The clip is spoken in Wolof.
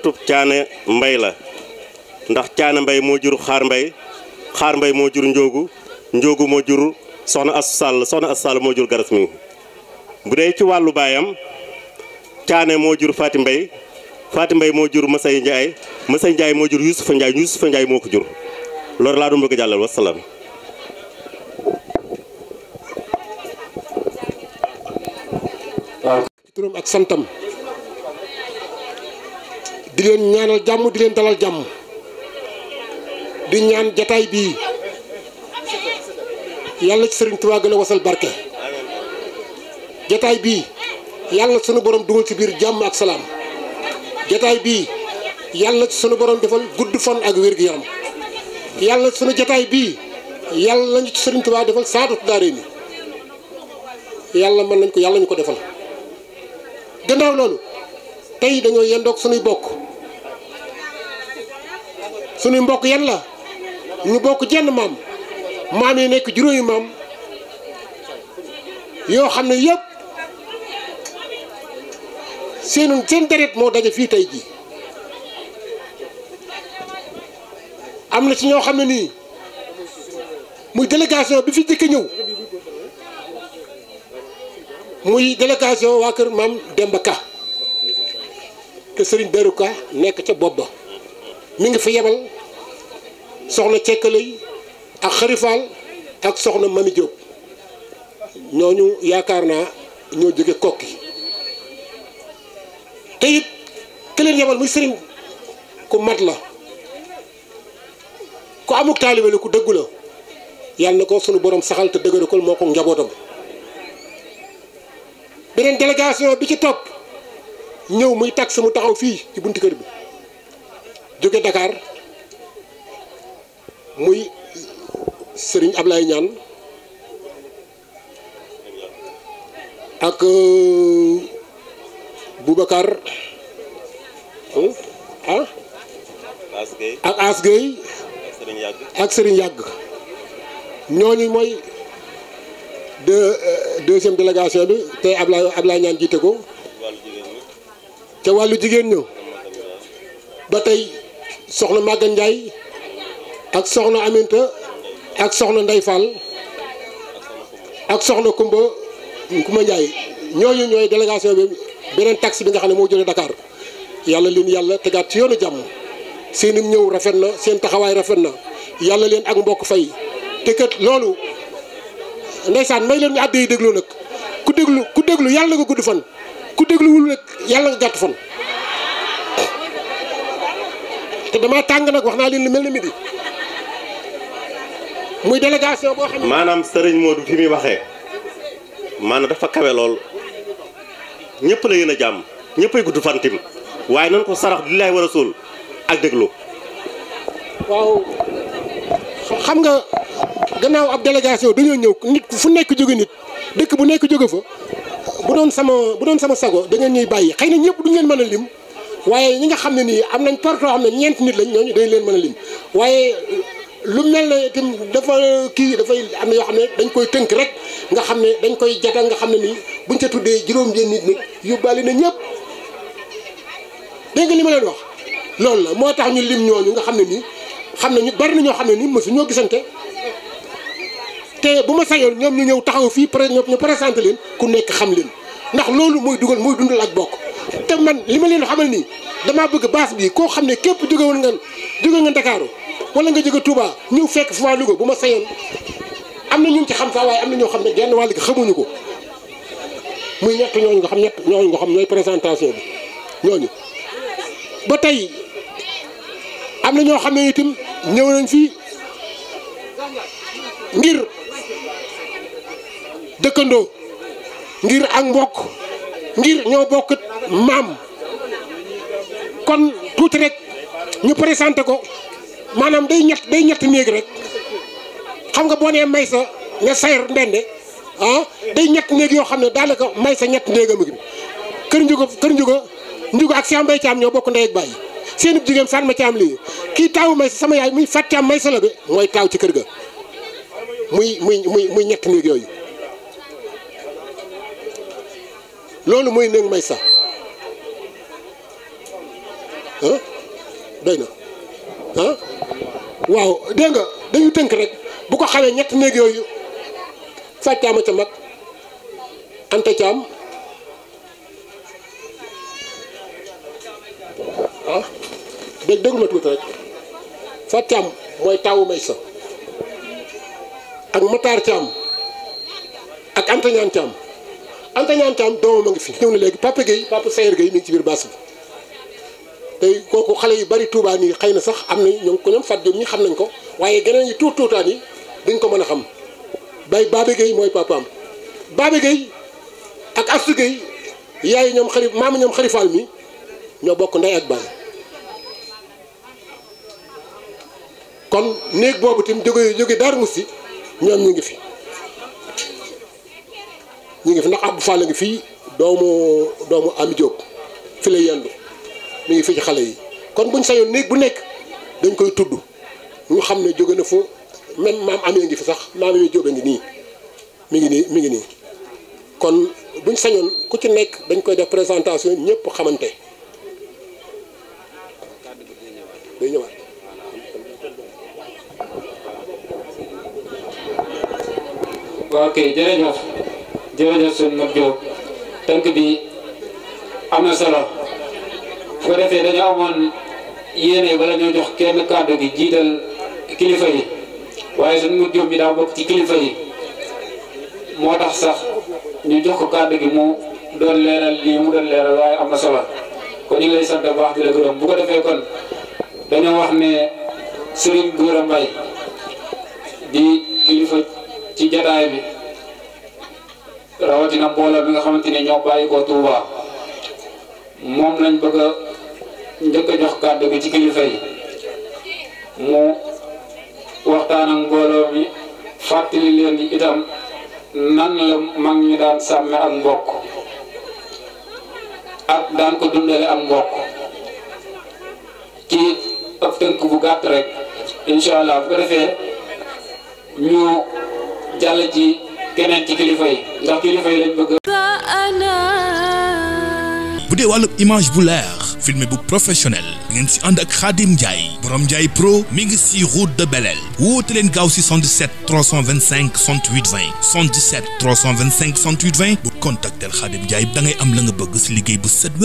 tub caane mbay la ndax caane mbay moo jur xaar mbay xaar moo jur njóogu njóogu moo jur soxna asu sàll soxna asu moo jur garas mi bu dee ci wàllu baayam caane moo jur faati mbay faati mbay moo jur masay njaay masay njaay moo jur yusufa njaay yusufa moo ko jur loolu laa doon bëgg jàllal wasalaam ak santam di len ñaanal jamm di len dalal jamm di ñaan jotaay bi yalla ci serigne touba gëna wassal wasal jotaay bi yalla suñu borom duggal ci bir jamm ak salam jotaay bi yalla ci suñu borom defal gudd fan ak wër gu yaram yalla suñu jotaay bi yalla ñu ci serigne touba defal saadu daare ni yalla man nañ ko yalla ñu ko defal gënaaw lolu tay dañoy yendoog suñu bokk suñu mbokk yan la ñu bokk jenn maam maam yi nekk juróomi maam yoo xam ne yépp seen seen deret moo daje fii tey ji am na ci ñoo xam ne nii muy délégation bi fi jëkk ñëw muy délégation waa kër maam Demba Ka te Serigne Ka nekk ca bopp ba mi ngi fa yebal soxna cekkale yi ak xarifaal ak soxna mami Diop ñooñu yaakaar naa ñoo jóge kokki te it ki leen yebal muy sëriñ ku mat la ku amuk taalibe la ku dëggu la yàlla na ko sunu borom saxal te dëgëral ko moo ko njabootam beneen délégation bi ci topp ñëw muy tax mu taxaw fii ci buntu kër bi jóge Dakar muy Serigne Ablaye ñan ak euh, Boubacar ah ak asgay ak Serigne yag ñoñu moy de euh, deuxième délégation bi té Ablaye Ablaye ñan jité ko té walu jigen ñu ba soxna Maguette Ndiaye ak soxna Aminta ak soxna Ndey ak soxna Kumba Kumba Ndiaye ñooñu ñooy délégation bi beneen taxi bi nga xam ne moo jógee dakaar yàlla leen yàlla tegaat ci yoonu jàmm seen i ñëw rafet na seen taxawaay rafet na yàlla leen ak mbokk fay te kat loolu ndeysaan may leen ñu àddee yi déglu nag ku déglu ku déglu yàlla nga gudd fan ku dégluwul nag yàlla nga gàtt fan te dama tàng nag wax naa leen lu mel ni midi. muy délégation bo xam ne serigne Modou fi muy waxee maanaam dafa kawé lol ñepp la yëna jamm jàmm ñëppay fantim waaye nañ ko sarax di laay war a ak deglu waaw xam nga gannaaw ab délégation dañu ñëw nit fu nekk jóge nit dëkk bu nekk jóge fa bu doon sama bu doon sama sago da ngeen ñuy bayyi xeyna ñepp ñëpp duñ leen mën lim. waye ñi nga xam ne am nañ porte yoo ñent nit lañ ñooñu dañ leen mëna lim waye lu mel ne itam dafa kii dafay am na yoo xam ne dañ koy tënk rek nga xam ne dañ koy jagal nga xam ne nii bu buñ ca tuddee juróom-benn nit nag yóbbaale na ñëpp dégg nga li ma leen wax. loolu na moo tax ñu lim ñooñu nga xam ne nii xam ne ñu bari na ñoo xam ne nii mosu ñoo gisante te bu ma sañoon ñoom ñu ñëw taxaw fii pare ñu présenté leen ku nekk xam leen ndax loolu mooy dugal mooy dundal ak bokk te man li ma leen xamal nii damaa bëgg baas bii koo xam ne képp jóge woon nga jóge nga Ndakaaru. wala nga jóge Touba ñëw fekk fu waa Louga bu ma sayoon am na ñu ci xam sax waaye am na ñoo xam ne genn wàll gi xamuñu ko muy ñett ñooñu nga xam ñett ñooñu nga xam ñooy présentation bi ñooñu. ba tey am na ñoo xam ne itam ñëw nañ fi ngir dëkkandoo ngir ak mbokk ngir ñoo bokk maam kon tuuti rek ñu présenté ko. maanaam day ñett day ñetti néeg rek xam nga boo nee may sa ne sayr ndende ah day ñetti néeg yoo xam ne daanaka may sa ñetti néeg a mu ngi kër njugo kër njugo njugo ak Cheikh Mbaye Thiam ñoo bokk ndey ak bàyyi seen ub jigéen Fatma Thiam lii kii taawu may sa sama yaay muy Fat Thiam may sa la be mooy taaw ci kër ga muy muy muy muy ñetti néeg yooyu loolu mooy néeg may sa ah doy na ah waaw dégg nga dañu tënk rek bu ko xamee ñett néeg yooyu fàccaama ca mag anta caam ah dégg déglu ma tuuti rek fàccaam mooy taawu may sa ak mataar caam ak anta ñaan caam anta ñaan caam doomam a ngi fi ñëw na léegi papa Guèye papa Sayer Guèye mi ngi ci biir baas bi tey eh, kooku xale yu bari Touba nii xëy na sax am nañ ñoom ko ñoom Fatou Diop ñi xam nañ ko waaye geneen yi tuut tuutaan yi dañ ko mën a xam bay Babé Gueye mooy papaam Babé Gueye ak Astou Gueye yaay ñoom xari maam ñoom xarifaal mi ñoo bokk ndey ak baay kon néeg boobu tim jóge jóge Darou si ñoom ñu ngi fi ñu ngi fi ndax Abdou Fall a ngi fii doomu doomu Ami Diop fi lay yendu mi ngi fi ci xale yi kon buñ sañoon néeg bu nekk dañ koy tudd ñu xam ne jóge na fu même maam amee ngi fi sax maam yooyu jóge ngi nii mi ngi nii mi nii kon buñ sañoon ku ci nekk dañ koy def présentation ñëpp xamante day ñëwaat waaw kay jërëjëf bu ko defee dañu amoon yéene bala ñoo jox kenn kàddu gi jiital kilifa yi waaye suñu mut jóob bi daa bokk ci kilifa yi moo sax ñu jox ko kàddu gi mu doon leeral li mu doon leeral waaye am na solo kon ñu ngi lay sant baax di la gërëm bu ko defee kon dañoo wax ne Serigne Gora Mbaye di kilifa ci jataay bi rawatina mbooloo bi nga xamante ñoo bàyyi ko Touba moom lañ bëgg kàddu gi ci kilifa yi mu waxtaan ak mbooloo mi fàttali leen itam nan la mag ñi daan sàmme ak mbokk ak daan ko dundale ak mbokk ci ab tënk bu gàtt rek incha allah bu ko ci keneen ci kilifa yi ndax kilifa yi bu dee wàllu image bu leer filmé bu professionnel ngeen si ànd ak Xaadim Ndiaye borom Ndiaye pro mi ngi si route de Belel woote leen gaaw si 77 325 68 20 77 325 68 20 bu contactel Xaadim Ndiaye da ngay am la nga bëgg si liggéey bu set